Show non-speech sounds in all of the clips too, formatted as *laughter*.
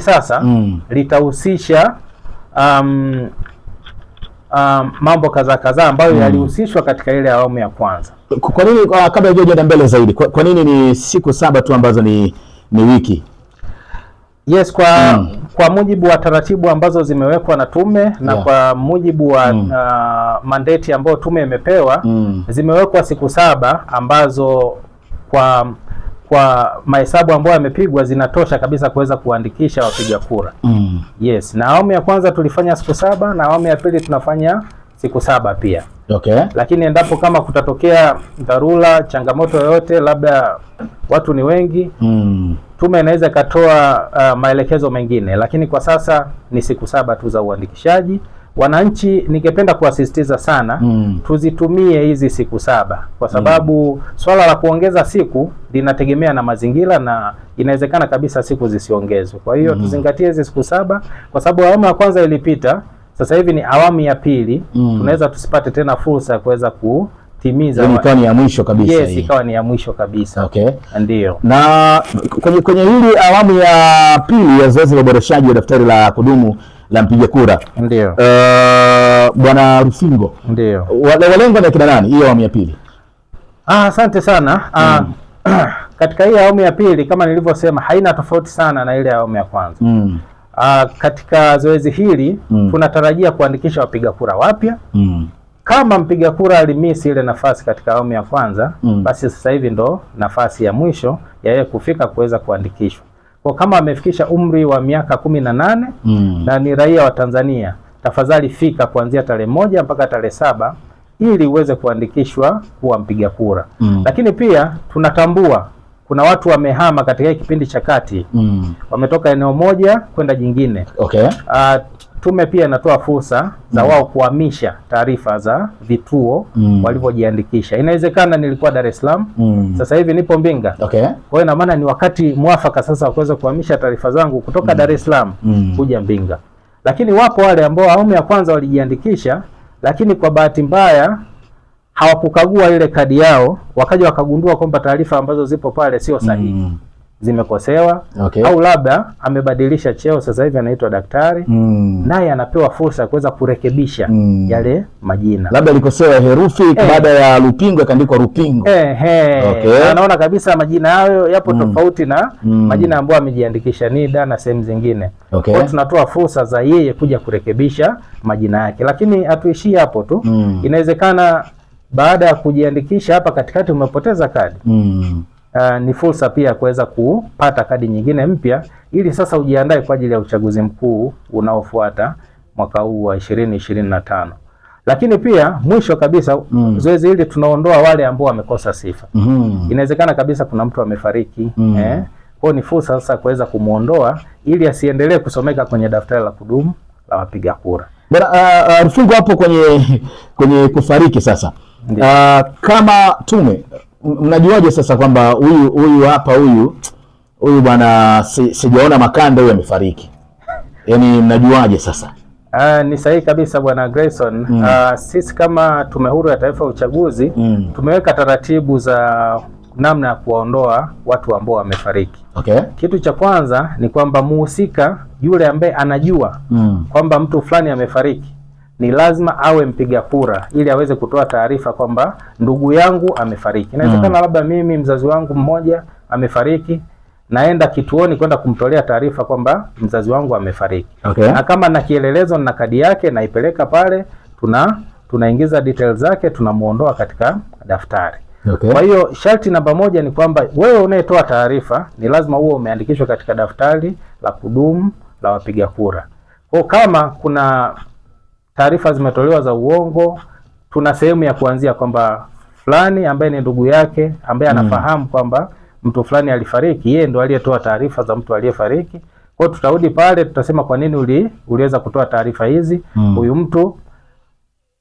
Sasa mm. litahusisha um, um, mambo kadhaa kadhaa ambayo mm. yalihusishwa katika ile awamu ya kwanza. Kwa nini uh, kabla hujaenda mbele zaidi, kwa, kwa nini ni siku saba tu ambazo ni, ni wiki? Yes, kwa mm. kwa mujibu wa taratibu ambazo zimewekwa na tume na yeah. kwa mujibu wa mm. uh, mandate ambayo tume imepewa mm. zimewekwa siku saba ambazo kwa kwa mahesabu ambayo yamepigwa zinatosha kabisa kuweza kuandikisha wapiga kura mm. Yes, na awamu ya kwanza tulifanya siku saba na awamu ya pili tunafanya siku saba pia okay. Lakini endapo kama kutatokea dharura, changamoto yoyote, labda watu ni wengi mm. Tume inaweza ikatoa uh, maelekezo mengine, lakini kwa sasa ni siku saba tu za uandikishaji wananchi, ningependa kuwasisitiza sana mm. tuzitumie hizi siku saba kwa mm. sababu mm. swala la kuongeza siku linategemea na mazingira na inawezekana kabisa siku zisiongezwe. Kwa hiyo mm. tuzingatie hizi siku saba kwa sababu awamu ya kwanza ilipita, sasa hivi ni awamu ya pili mm. tunaweza tusipate tena fursa ya kuweza ku yaani ikawa ni ya mwisho kabisa. Yes, ikawa ni ya mwisho kabisa. Okay. Ndio. Na kwenye, kwenye hili awamu ya pili ya zoezi la uboreshaji wa daftari la kudumu la mpiga kura ndio eh, bwana rufingo Rusingo ndio walengwa na kina nani hiyo awamu ya pili? Ah, asante sana ah, mm. ah, *clears throat* katika hii awamu ya pili kama nilivyosema haina tofauti sana na ile awamu ya kwanza mm. ah, katika zoezi hili mm. tunatarajia kuandikisha wapiga kura wapya mm. Kama mpiga kura alimisi ile nafasi katika awamu ya kwanza mm. basi sasa hivi ndo nafasi ya mwisho ya yeye kufika kuweza kuandikishwa kwa kama amefikisha umri wa miaka kumi na nane mm. na ni raia wa Tanzania, tafadhali fika kuanzia tarehe moja mpaka tarehe saba ili uweze kuandikishwa kuwa mpiga kura mm. Lakini pia tunatambua kuna watu wamehama katika kipindi cha kati mm. wametoka eneo moja kwenda jingine okay. Uh, Tume pia inatoa fursa za mm. wao kuhamisha taarifa za vituo mm. walivyojiandikisha. Inawezekana nilikuwa Dar es Salaam mm. sasa hivi nipo Mbinga, okay. Kwa hiyo ina maana ni wakati mwafaka sasa wa kuweza kuhamisha taarifa zangu kutoka mm. Dar es Salaam mm. kuja Mbinga, lakini wapo wale ambao awamu ya kwanza walijiandikisha, lakini kwa bahati mbaya hawakukagua ile kadi yao, wakaja wakagundua kwamba taarifa ambazo zipo pale sio sahihi mm zimekosewa okay. Au labda amebadilisha cheo sasa hivi anaitwa daktari mm. Naye anapewa fursa ya kuweza kurekebisha mm. yale majina, labda alikosewa herufi hey. Eh. Baada ya Lupingo akaandikwa Rupingo hey, eh, eh. hey. Okay. Anaona kabisa majina hayo yapo mm. tofauti na mm. majina ambayo amejiandikisha NIDA na sehemu zingine okay. Kwa tunatoa fursa za yeye kuja kurekebisha majina yake, lakini hatuishii hapo tu mm. Inawezekana baada ya kujiandikisha hapa katikati umepoteza kadi mm uh, ni fursa pia ya kuweza kupata kadi nyingine mpya ili sasa ujiandae kwa ajili ya uchaguzi mkuu unaofuata mwaka huu wa 2025. Lakini pia mwisho kabisa mm. zoezi hili tunaondoa wale ambao wamekosa sifa. Mm -hmm. Inawezekana kabisa kuna mtu amefariki mm -hmm. eh, kwa ni fursa sasa kuweza kumuondoa ili asiendelee kusomeka kwenye daftari la kudumu la wapiga kura. Bwana Rufungu, ah, ah, hapo kwenye kwenye kufariki sasa. Uh, kama tume mnajuaje sasa kwamba huyu huyu hapa huyu huyu bwana si, sijaona makanda huyu amefariki? Yaani mnajuaje sasa? Uh, ni sahihi kabisa Bwana Grayson. Mm. Uh, sisi kama Tume Huru ya Taifa ya Uchaguzi mm. tumeweka taratibu za namna ya kuwaondoa watu ambao wamefariki. Okay. Kitu cha kwanza ni kwamba muhusika yule ambaye anajua mm. kwamba mtu fulani amefariki ni lazima awe mpiga kura ili aweze kutoa taarifa kwamba ndugu yangu amefariki. Inawezekana mm. labda mimi mzazi wangu mmoja amefariki, naenda kituoni kwenda kumtolea taarifa kwamba mzazi wangu amefariki okay. na kama na kielelezo na kadi yake naipeleka pale, tuna tunaingiza details zake, tunamuondoa katika daftari okay. Kwa hiyo sharti namba moja ni kwamba wewe unayetoa taarifa ni lazima uwe umeandikishwa katika daftari la kudumu la wapiga kura. Kwa kama kuna taarifa zimetolewa za uongo, tuna sehemu ya kuanzia kwamba fulani ambaye ni ndugu yake ambaye hmm. anafahamu kwamba mtu fulani alifariki, yeye ndo aliyetoa taarifa za mtu aliyefariki. Kwa hiyo tutarudi pale, tutasema kwa nini uli, uliweza kutoa taarifa hizi hmm. huyu mm. mtu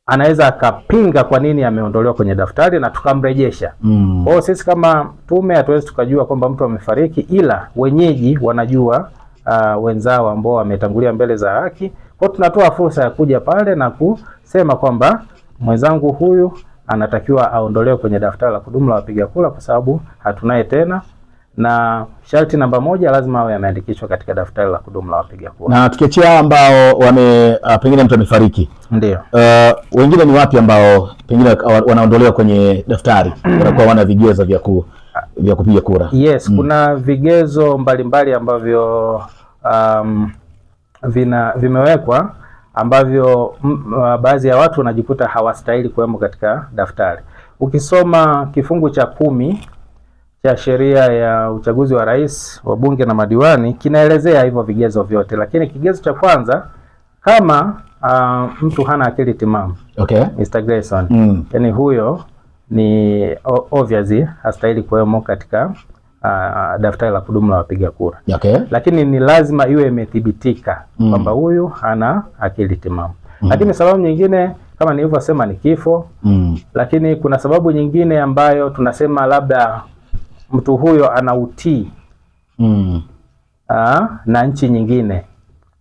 anaweza akapinga kwa nini ameondolewa kwenye daftari na tukamrejesha. Mm. Kwa hiyo sisi kama tume hatuwezi tukajua kwamba mtu amefariki, ila wenyeji wanajua uh, wenzao ambao wametangulia mbele za haki kwa tunatoa fursa ya kuja pale na kusema kwamba mwenzangu huyu anatakiwa aondolewe kwenye daftari la kudumu la wapiga kura kwa sababu hatunaye tena, na sharti namba moja, lazima awe ameandikishwa katika daftari la kudumu la wapiga kura. Na tukiachia ambao wame ah, pengine mtu amefariki, ndio uh, wengine ni wapi ambao pengine wanaondolewa kwenye daftari *clears throat* wanakuwa wana vigezo vya ku vya kupiga kura? Yes, mm. kuna vigezo mbalimbali ambavyo um, vina vimewekwa ambavyo baadhi ya watu wanajikuta hawastahili kuwemo katika daftari. Ukisoma kifungu cha kumi cha sheria ya uchaguzi wa rais, wa bunge na madiwani kinaelezea hivyo vigezo vyote, lakini kigezo cha kwanza kama uh, mtu hana akili timamu okay. Mr. Grayson mm. Yani huyo ni obviously hastahili kuwemo katika Uh, uh, daftari la kudumu la wapiga kura okay. Lakini ni lazima iwe imethibitika mm. kwamba huyu ana akili timamu mm. Lakini sababu nyingine kama nilivyosema ni kifo mm. Lakini kuna sababu nyingine ambayo tunasema labda mtu huyo ana utii mm. Uh, na nchi nyingine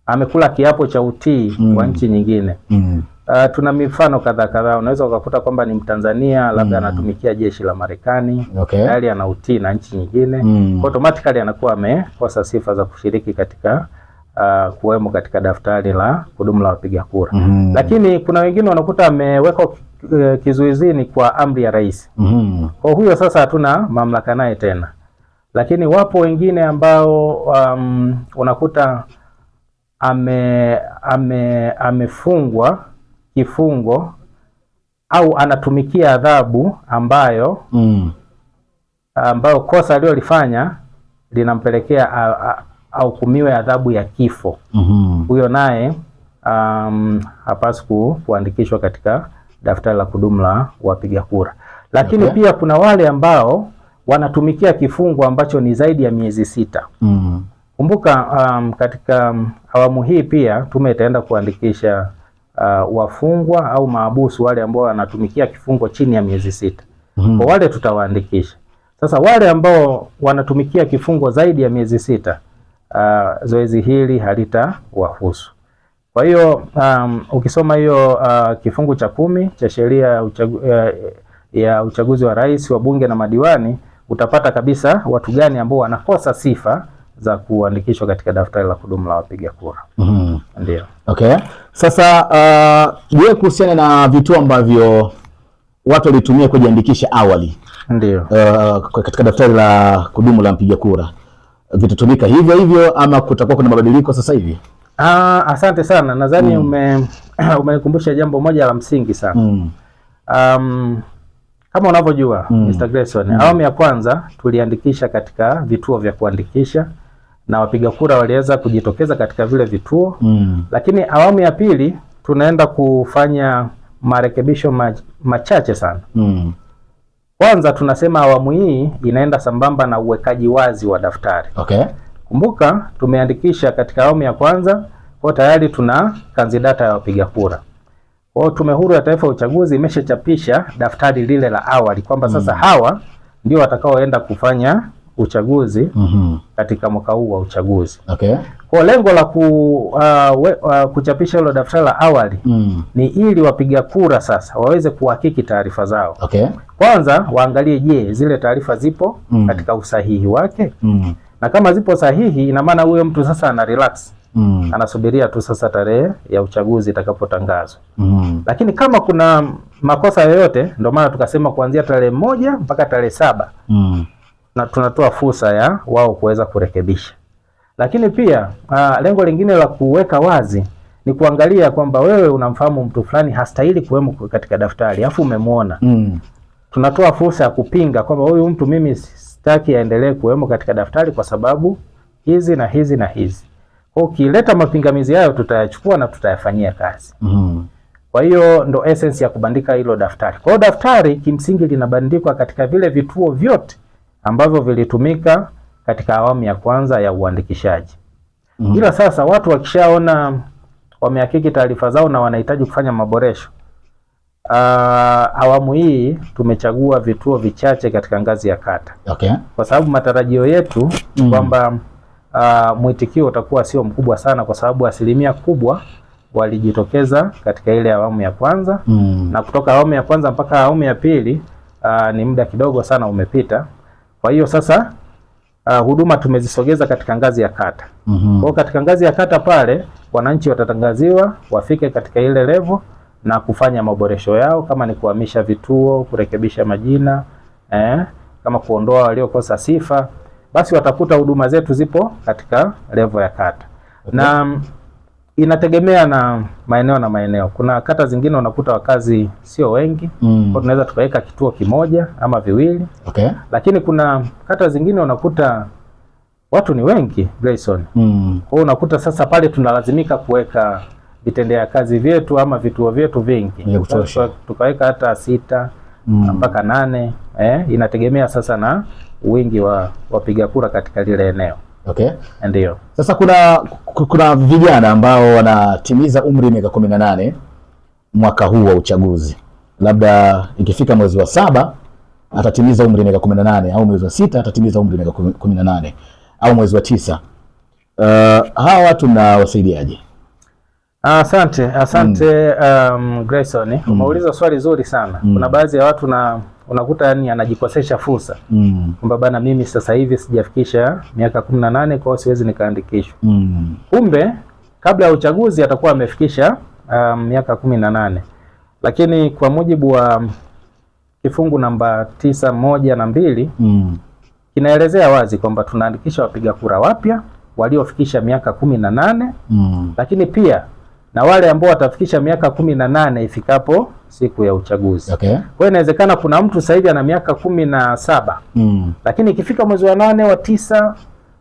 amekula kiapo cha utii mm. kwa nchi nyingine mm. Uh, tuna mifano kadha kadhaa, unaweza ukakuta kwamba ni Mtanzania labda mm. anatumikia jeshi la Marekani tayari, okay. ana utii na nchi nyingine mm. automatically anakuwa amekosa sifa za kushiriki katika uh, kuwemo katika daftari la kudumu la wapiga kura mm. lakini kuna wengine wanakuta amewekwa eh, kizuizini kwa amri ya rais mm. kwa huyo sasa hatuna mamlaka naye tena, lakini wapo wengine ambao um, unakuta ame, ame, amefungwa kifungo au anatumikia adhabu ambayo mm. ambayo kosa aliyolifanya linampelekea ahukumiwe adhabu ya kifo mm-hmm. huyo mm -hmm. naye um, hapasi kuandikishwa katika daftari la kudumu la wapiga kura, lakini okay. pia kuna wale ambao wanatumikia kifungo ambacho ni zaidi ya miezi sita. Mm. Kumbuka mm -hmm. um, katika um, awamu hii pia tume itaenda kuandikisha uh, wafungwa au maabusu wale ambao wanatumikia kifungo chini ya miezi sita. Mm-hmm. Kwa wale tutawaandikisha. Sasa wale ambao wanatumikia kifungo zaidi ya miezi sita, uh, zoezi hili halitawahusu. Kwa hiyo um, ukisoma hiyo uh, kifungu cha kumi cha sheria uchagu, uh, ya uchaguzi wa rais wa bunge na madiwani utapata kabisa watu gani ambao wanakosa sifa za kuandikishwa katika daftari la kudumu la wapiga kura. mm -hmm. Ndio. Okay. Sasa uh, je, uh, kuhusiana na vituo ambavyo watu walitumia kujiandikisha awali ndio, uh, katika daftari la kudumu la mpiga kura vitatumika hivyo hivyo ama kutakuwa kuna mabadiliko sasa hivi? Ah, asante sana nadhani mm. ume *clears throat* umenikumbusha jambo moja la msingi sana mm. um, kama unavyojua mm. Mr. Grayson mm. awamu ya kwanza tuliandikisha katika vituo vya kuandikisha na wapiga kura waliweza kujitokeza katika vile vituo mm. Lakini awamu ya pili tunaenda kufanya marekebisho machache sana mm. Kwanza tunasema awamu hii inaenda sambamba na uwekaji wazi wa daftari okay. Kumbuka tumeandikisha katika awamu ya kwanza kwa tayari tuna kanzidata ya wapiga kura. Kwa hiyo Tume Huru ya Taifa ya Uchaguzi imeshachapisha daftari lile la awali kwamba mm. sasa hawa ndio watakaoenda kufanya uchaguzi mm -hmm. katika mwaka huu wa uchaguzi okay. Kwa lengo la ku, uh, we, uh, kuchapisha hilo daftari la awali mm. ni ili wapiga kura sasa waweze kuhakiki taarifa zao okay. Kwanza waangalie, je, zile taarifa zipo mm. katika usahihi wake mm. na kama zipo sahihi, ina maana huyo mtu sasa ana relax mm. anasubiria tu sasa tarehe ya uchaguzi itakapotangazwa mm. Lakini kama kuna makosa yoyote, ndio maana tukasema kuanzia tarehe moja mpaka tarehe saba mm na tunatoa fursa ya wao kuweza kurekebisha. Lakini pia uh, lengo lingine la kuweka wazi ni kuangalia kwamba wewe unamfahamu mtu fulani hastahili kuwemo katika daftari afu umemwona mm. Tunatoa fursa ya kupinga kwamba huyu mtu mimi sitaki aendelee kuwemo katika daftari kwa sababu hizi na hizi na hizi. Kwa ukileta mapingamizi hayo tutayachukua na tutayafanyia kazi mm. Kwa hiyo ndo essence ya kubandika hilo daftari. Kwa hiyo daftari kimsingi linabandikwa katika vile vituo vyote ambavyo vilitumika katika awamu ya kwanza ya uandikishaji. Mm. Ila sasa watu wakishaona wamehakiki taarifa zao na wanahitaji kufanya maboresho. Uh, awamu hii tumechagua vituo vichache katika ngazi ya kata. Okay. Kwa sababu matarajio yetu mm. kwamba uh, mwitikio utakuwa sio mkubwa sana kwa sababu asilimia kubwa walijitokeza katika ile awamu ya kwanza mm. na kutoka awamu ya kwanza mpaka awamu ya pili uh, ni muda kidogo sana umepita. Kwa hiyo sasa uh, huduma tumezisogeza katika ngazi ya kata. Mm -hmm. Kwa katika ngazi ya kata pale wananchi watatangaziwa wafike katika ile levo na kufanya maboresho yao, kama ni kuhamisha vituo, kurekebisha majina eh, kama kuondoa waliokosa sifa, basi watakuta huduma zetu zipo katika levo ya kata. Okay. Na inategemea na maeneo na maeneo. Kuna kata zingine unakuta wakazi sio wengi mm. kwa tunaweza tukaweka kituo kimoja ama viwili okay. Lakini kuna kata zingine unakuta watu ni wengi Grayson mm. unakuta sasa pale tunalazimika kuweka vitendea kazi vyetu ama vituo vyetu vingi tukaweka hata sita mm. mpaka mm. nane eh, inategemea sasa na wingi wa wapiga kura katika lile eneo. Okay. Ndio. Sasa kuna kuna vijana ambao wanatimiza umri miaka kumi na nane mwaka huu wa uchaguzi, labda ikifika mwezi wa saba atatimiza umri miaka kumi na nane au mwezi wa sita atatimiza umri miaka kumi na nane au mwezi wa tisa. Uh, hawa watu nawasaidiaje? Asante, asante mm. Um, Grayson, hmm. umeuliza mm. swali zuri sana mm. kuna hmm. baadhi ya watu na unakuta yani anajikosesha fursa mm. bana, mimi sasa hivi sijafikisha miaka kumi na nane, kwa siwezi nikaandikishwa. Mm. Kumbe kabla ya uchaguzi atakuwa amefikisha um, miaka kumi na nane, lakini kwa mujibu wa um, kifungu namba tisa moja na mbili mm. kinaelezea wazi kwamba tunaandikisha wapiga kura wapya waliofikisha miaka kumi na nane mm. lakini pia na wale ambao watafikisha miaka kumi na nane ifikapo siku ya uchaguzi. Okay. Kwa hiyo inawezekana kuna mtu sasa hivi ana miaka kumi na saba mm. lakini ikifika mwezi wa nane wa tisa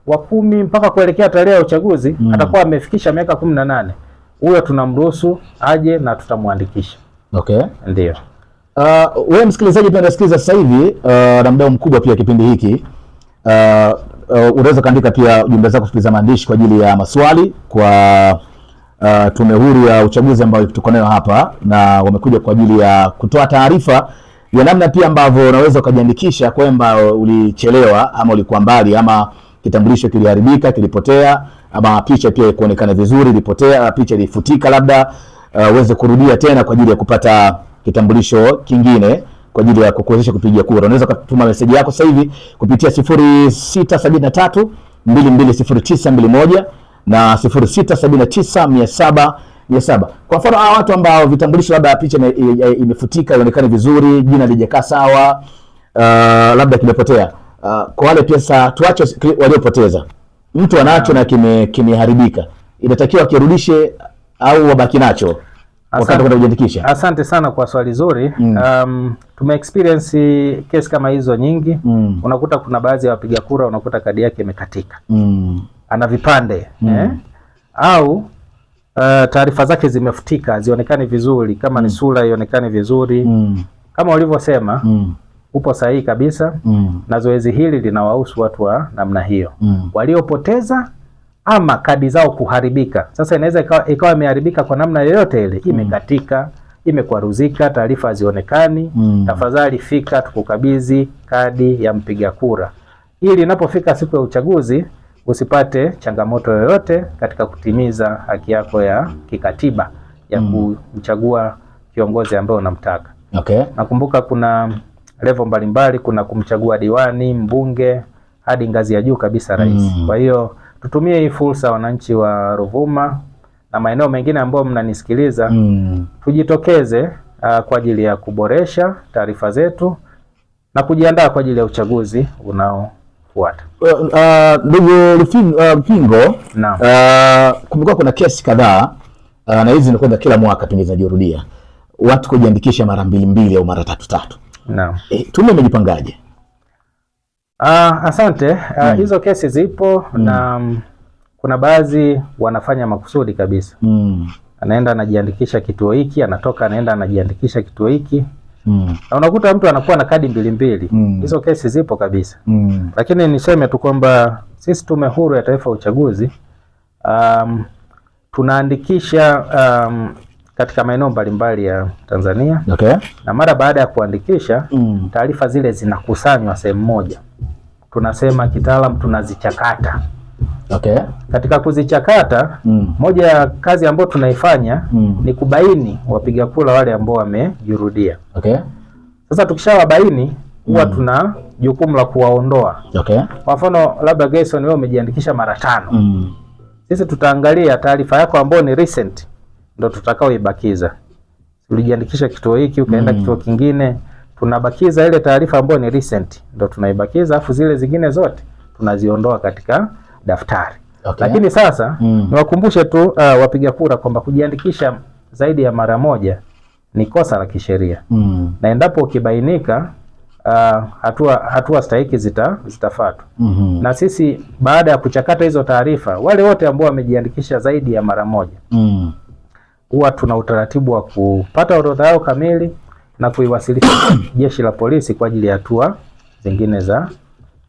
wa kumi mpaka kuelekea tarehe ya uchaguzi mm. atakuwa amefikisha miaka kumi na nane huyo tunamruhusu aje na tutamwandikisha. Okay. Ndio. Uh, wewe msikilizaji pia unasikiliza sasa hivi uh, na mdau mkubwa pia kipindi hiki uh, uh, unaweza kaandika pia jumbe zako kusikiliza maandishi kwa ajili ya maswali kwa uh, tume huru ya uchaguzi ambayo tuko nayo hapa, na wamekuja kwa ajili ya kutoa taarifa ya namna pia ambavyo unaweza ukajiandikisha kwamba ulichelewa ama ulikuwa mbali ama kitambulisho kiliharibika, kilipotea ama picha pia ikuonekana vizuri, ilipotea picha, ilifutika, labda uh, uweze uh, kurudia tena kwa ajili ya kupata kitambulisho kingine kwa ajili ya kukuwezesha kupiga kura. Unaweza kutuma meseji yako sasa hivi kupitia 0673 220921 na 0679 kwa mfano, hawa watu ambao vitambulisho labda picha imefutika ionekane vizuri, jina lijakaa sawa, uh, labda kimepotea. Uh, kwa wale pesa tuache waliopoteza, mtu anacho na kime kimeharibika, inatakiwa kirudishe au wabaki nacho wakati kwenda kujiandikisha. Asante sana kwa swali zuri. Mm. Um, tume experience kesi kama hizo nyingi. Mm. Unakuta kuna baadhi ya wapiga kura unakuta kadi yake imekatika. Mm ana vipande mm. eh? au uh, taarifa zake zimefutika zionekane vizuri kama mm. ni sura ionekane vizuri mm. kama ulivyosema mm. upo sahihi kabisa mm. na zoezi hili linawahusu watu wa namna hiyo mm. waliopoteza ama kadi zao kuharibika. Sasa inaweza ikawa imeharibika kwa namna yoyote ile, mm. imekatika, imekwaruzika, taarifa hazionekani mm. tafadhali fika tukukabidhi kadi ya mpiga kura, ili inapofika siku ya uchaguzi usipate changamoto yoyote katika kutimiza haki yako ya kikatiba ya mm. kumchagua kiongozi ambaye unamtaka. Okay. Nakumbuka kuna levo mbalimbali, kuna kumchagua diwani, mbunge hadi ngazi ya juu kabisa rais. Mm. Kwa hiyo tutumie hii fursa, wananchi wa Ruvuma na maeneo mengine ambayo mnanisikiliza mm. tujitokeze uh, kwa ajili ya kuboresha taarifa zetu na kujiandaa kwa ajili ya uchaguzi unao kufuata? Uh, ndugu uh, Lufingo uh, uh, kumekuwa kuna kesi kadhaa uh, na hizi zinakwenda kila mwaka pengine zinajirudia, watu kujiandikisha mara mbili mbili au mara tatu tatu. E, tume imejipangaje? Uh, asante uh, hizo kesi zipo mm. na um, kuna baadhi wanafanya makusudi kabisa mm. anaenda anajiandikisha kituo hiki, anatoka anaenda anajiandikisha kituo hiki mm. na unakuta mtu anakuwa na kadi mbili mbili mm. hizo mm. kesi zipo kabisa mm. lakini niseme tu kwamba sisi Tume Huru ya Taifa ya Uchaguzi um, tunaandikisha um, katika maeneo mbalimbali ya Tanzania okay. na mara baada ya kuandikisha mm. taarifa zile zinakusanywa sehemu moja, tunasema kitaalam tunazichakata Okay. Katika kuzichakata mm. moja ya kazi ambayo tunaifanya mm. ni kubaini wapiga kula wale ambao wamejirudia. Okay. Sasa tukishawabaini huwa mm. tuna jukumu la kuwaondoa. Okay. Kwa mfano labda Gerson, wewe umejiandikisha mara tano mm. sisi tutaangalia taarifa yako ambayo ni recent ndio tutakaoibakiza. Ulijiandikisha kituo hiki ukaenda mm. kituo kingine, tunabakiza ile taarifa ambayo ni recent ndio tunaibakiza, afu zile zingine zote tunaziondoa katika daftari okay. Lakini sasa mm. niwakumbushe tu uh, wapiga kura kwamba kujiandikisha zaidi ya mara moja ni kosa la kisheria mm. na endapo ukibainika Uh, hatua hatua stahiki zita zitafuatwa. mm -hmm. Na sisi baada ya kuchakata hizo taarifa, wale wote ambao wamejiandikisha zaidi ya mara moja mm. huwa tuna utaratibu wa kupata orodha yao kamili na kuiwasilisha *coughs* jeshi la polisi kwa ajili ya hatua zingine za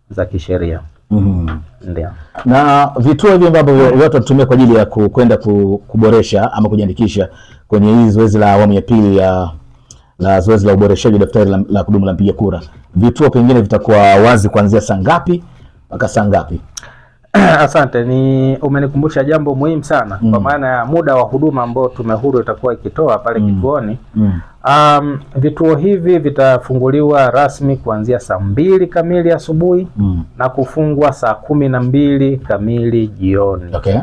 za kisheria. Mm. Ndio. Na vituo hivi ambavyo ah. watu watatumia kwa ajili ya kwenda kuboresha ama kujiandikisha kwenye hii zoezi la awamu ya pili ya la zoezi la uboreshaji daftari la, la kudumu la mpiga kura, vituo pengine vitakuwa wazi kuanzia saa ngapi mpaka saa ngapi? *clears throat* Asante, ni umenikumbusha jambo muhimu sana mm. kwa maana ya muda wa huduma ambao tume huru itakuwa ikitoa pale mm. kituoni mm. Um, vituo hivi vitafunguliwa rasmi kuanzia saa mbili kamili asubuhi mm. na kufungwa saa kumi na mbili kamili jioni. Okay.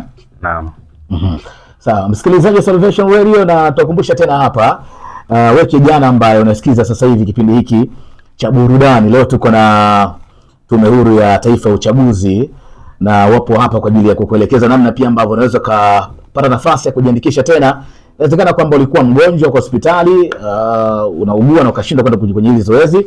Naam. mm -hmm. Sawa, msikilizaji wa Salvation Radio, na tutakumbusha tena hapa uh, we kijana ambaye unasikiza sasa hivi kipindi hiki cha burudani, leo tuko na Tume Huru ya Taifa ya Uchaguzi na wapo hapa kwa ajili ya kukuelekeza namna pia ambavyo unaweza kupata nafasi ya kujiandikisha tena. Inawezekana kwamba ulikuwa mgonjwa kwa hospitali uh, unaugua na ukashindwa kwenda kwenye hili zoezi.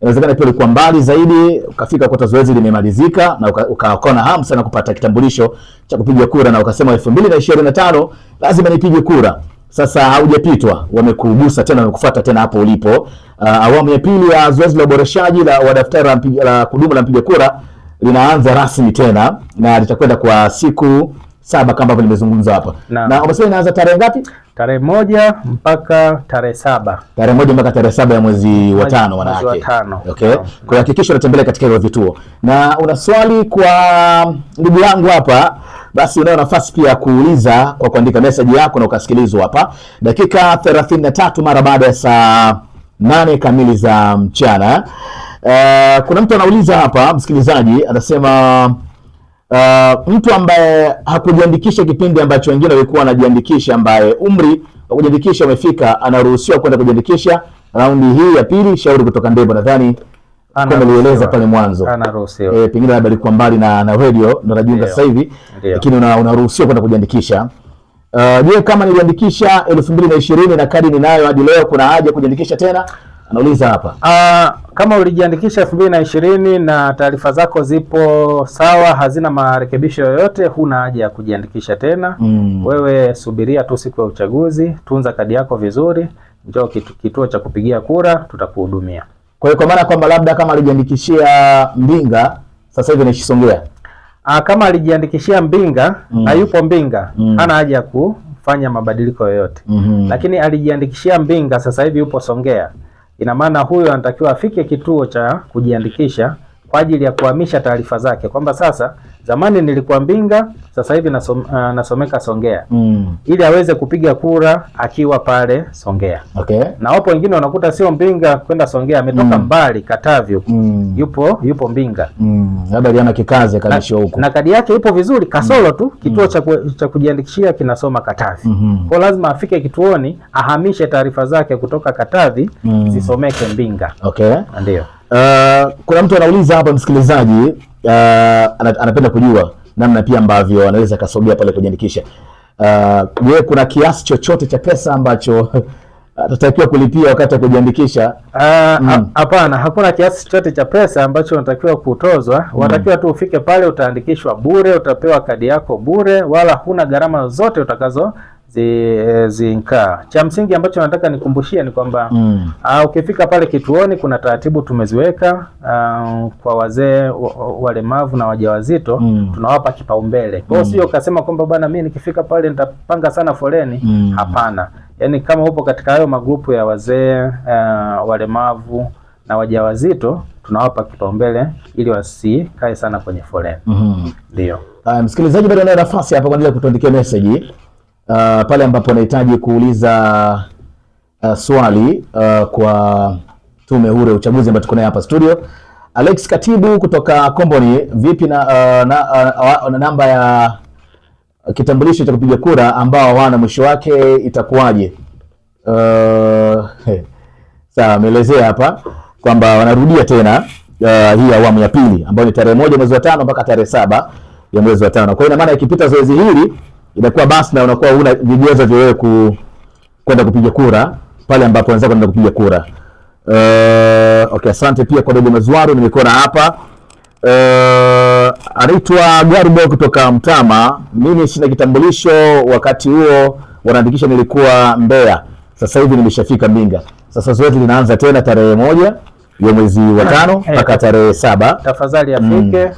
Inawezekana pia ulikuwa mbali zaidi ukafika kwa zoezi limemalizika, na ukaona uka hamu sana kupata kitambulisho cha kupiga kura, na ukasema 2025 lazima nipige kura. Sasa haujapitwa, wamekugusa tena, wamekufuata tena hapo ulipo. Uh, awamu ya pili ya zoezi la uboreshaji la wadaftari la, la kudumu la mpiga kura linaanza rasmi tena na litakwenda kwa siku saba kama ambavyo nimezungumza hapa na, na umesema inaanza tarehe ngapi? Tarehe moja mpaka tarehe saba tarehe moja mpaka tarehe saba ya mwezi wa tano wanawake wa tano. Okay, kwa hiyo hakikisha unatembelea katika hivyo vituo, na una swali kwa mm, ndugu yangu hapa, basi unayo nafasi pia ya kuuliza kwa kuandika message yako na ukasikilizwa hapa dakika 33 mara baada ya saa nane kamili za mchana. Uh, kuna mtu anauliza hapa, msikilizaji anasema uh, mtu ambaye hakujiandikisha kipindi ambacho wengine walikuwa wanajiandikisha, ambaye umri wa kujiandikisha umefika, anaruhusiwa kwenda kujiandikisha raundi hii ya pili? Shauri kutoka Ndebo, nadhani nilieleza pale mwanzo, e, pengine labda alikuwa mbali na, na radio ndo anajiunga sasa hivi, lakini unaruhusiwa kwenda kujiandikisha. Je, uh, kama niliandikisha elfu mbili na ishirini na kadi ninayo hadi leo, kuna haja kujiandikisha tena? Anauliza hapa uh, kama ulijiandikisha elfu mbili na ishirini na taarifa zako zipo sawa, hazina marekebisho yoyote, huna haja ya kujiandikisha tena mm. Wewe subiria tu siku ya uchaguzi, tunza kadi yako vizuri, njoo kitu, kituo cha kupigia kura, tutakuhudumia. Kwa hiyo kwa maana kwamba labda kama alijiandikishia Mbinga sasa hivi anaishi Songea, ah, kama alijiandikishia Mbinga mm. na yupo Mbinga mm. hana haja ya kufanya mabadiliko yoyote mm -hmm. Lakini alijiandikishia Mbinga sasa hivi yupo Songea ina maana huyo anatakiwa afike kituo cha kujiandikisha kwa ajili ya kuhamisha taarifa zake kwamba sasa zamani nilikuwa Mbinga, sasa hivi nasom, uh, nasomeka Songea mm. ili aweze kupiga kura akiwa pale Songea okay. Na wapo wengine wanakuta sio Mbinga kwenda Songea, ametoka mm. mbali Katavyo mm. yupo yupo Mbinga mm. labda mm. ana kikazi kalisho huko na, na kadi yake ipo vizuri kasoro mm. tu kituo mm. cha kujiandikishia kinasoma Katavi mm -hmm. Kwa lazima afike kituoni ahamishe taarifa zake kutoka Katavi mm. zisomeke Mbinga okay. Ndio. Uh, kuna mtu anauliza hapa msikilizaji, uh, anapenda kujua namna pia ambavyo anaweza akasogea pale kujiandikisha. Je, uh, kuna kiasi chochote cha pesa ambacho *laughs* atatakiwa kulipia wakati wa kujiandikisha? Ah, mm. Hapana, mm. hakuna kiasi chochote cha pesa ambacho unatakiwa kutozwa. Mm. Unatakiwa mm. tu ufike pale, utaandikishwa bure, utapewa kadi yako bure, wala huna gharama zote utakazo eh, zinkaa cha msingi ambacho nataka nikumbushie ni kwamba mm. uh, ukifika pale kituoni kuna taratibu tumeziweka uh, kwa wazee walemavu na wajawazito mm. tunawapa kipaumbele. Kwa hiyo mm. sio ukasema kwamba bwana, mimi nikifika pale nitapanga sana foleni mm. hapana yani kama upo katika hayo magrupu ya wazee uh, walemavu na wajawazito tunawapa kipaumbele ili wasikae sana kwenye foleni. Mhm. Ndio. mm -hmm. Uh, msikilizaji bado anayo nafasi hapa kuendelea kutuandikia message uh, pale ambapo anahitaji kuuliza uh, swali uh, kwa tume huru ya uchaguzi ambayo tuko nayo hapa studio. Alex Katibu kutoka Komboni, vipi na, uh, na uh, namba ya kitambulisho cha kupiga kura ambao hawana mwisho wake itakuwaje? Uh, *laughs* Sawa, ameelezea hapa kwamba wanarudia tena uh, hii awamu ya pili ambayo ni tarehe moja mwezi wa tano mpaka tarehe saba ya mwezi wa tano. Kwa hiyo ina maana ikipita zoezi hili inakuwa basi na unakuwa una vigezo vya wewe ku, kwenda kupiga kura pale ambapo wenzako wanaenda kupiga kura. Uh, okay, asante pia kwa Dogo Mazwaru nimekuona hapa. Uh, anaitwa Garbo kutoka Mtama. Mimi sina kitambulisho, wakati huo wanaandikisha nilikuwa Mbeya, sasa hivi nimeshafika Mbinga. Sasa zoezi linaanza tena tarehe moja ya mwezi wa tano mpaka tarehe saba. Tafadhali afike mm,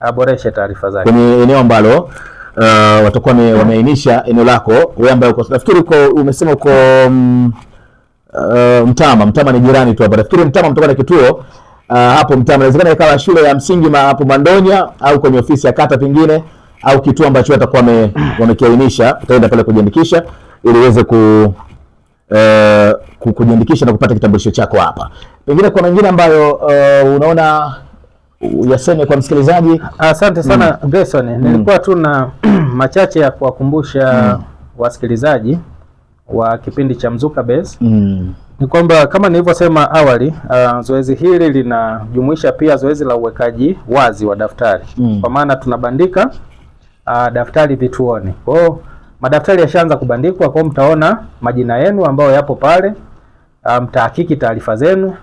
aboreshe taarifa zake kwenye eneo ambalo uh, watakuwa wameainisha eneo lako wewe, ambaye uko nafikiri uko umesema uko um, uh, Mtama. Mtama ni jirani tu hapa nafikiri, Mtama mtoka na kituo uh, hapo mtaa. Inawezekana ikawa shule ya msingi ma, hapo Mandonya au kwenye ofisi ya kata pengine au kituo ambacho watakuwa wamekiainisha, utaenda pale kujiandikisha ili uweze ku uh, kujiandikisha na kupata kitambulisho chako hapa. Pengine kuna mengine ambayo uh, unaona yaseme kwa msikilizaji. Asante sana mm. Gerson, mm. nilikuwa tu na *clears throat* machache ya kuwakumbusha mm. wasikilizaji wa kipindi cha Mzuka Base mm ni kwamba kama nilivyosema awali, uh, zoezi hili linajumuisha pia zoezi la uwekaji wazi wa daftari mm. Kwa maana tunabandika uh, daftari vituoni. Kwa hiyo madaftari yashaanza kubandikwa, kwa mtaona majina yenu ambayo yapo pale, uh, mtahakiki um, taarifa zenu,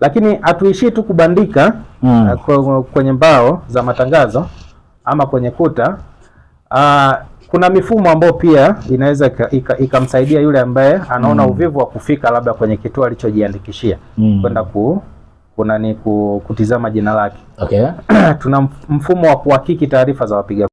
lakini hatuishii tu kubandika mm. uh, kwenye mbao za matangazo ama kwenye kuta uh, kuna mifumo ambayo pia inaweza ikamsaidia yule ambaye anaona mm. uvivu wa kufika labda kwenye kituo alichojiandikishia mm. kwenda ku kuna ni kutizama jina lake okay. *clears throat* Tuna mfumo wa kuhakiki taarifa za wapiga